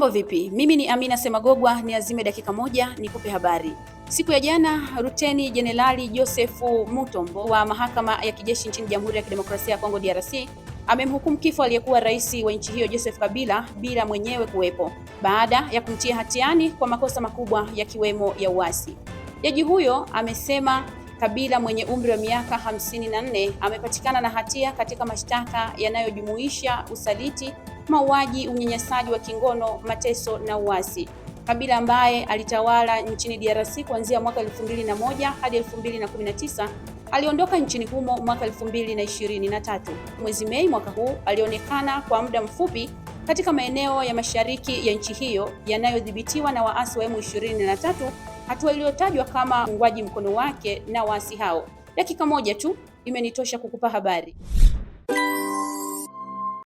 Mambo vipi? Mimi ni Amina Semagogwa, ni azime dakika moja nikupe habari. Siku ya jana Luteni Jenerali Josefu Mutombo wa mahakama ya kijeshi nchini Jamhuri ya Kidemokrasia ya Kongo DRC amemhukumu kifo aliyekuwa rais wa nchi hiyo Joseph Kabila bila mwenyewe kuwepo baada ya kumtia hatiani kwa makosa makubwa yakiwemo ya uasi. Jaji huyo amesema Kabila mwenye umri wa miaka 54 amepatikana na hatia katika mashtaka yanayojumuisha usaliti mauaji, unyanyasaji wa kingono, mateso na uasi. Kabila ambaye alitawala nchini DRC kuanzia mwaka 2001 hadi 2019 aliondoka nchini humo mwaka 2023. Mwezi Mei mwaka huu alionekana kwa muda mfupi katika maeneo ya mashariki ya nchi hiyo yanayodhibitiwa na waasi wa M23, hatua iliyotajwa kama uungwaji mkono wake na waasi hao. Dakika moja tu imenitosha kukupa habari.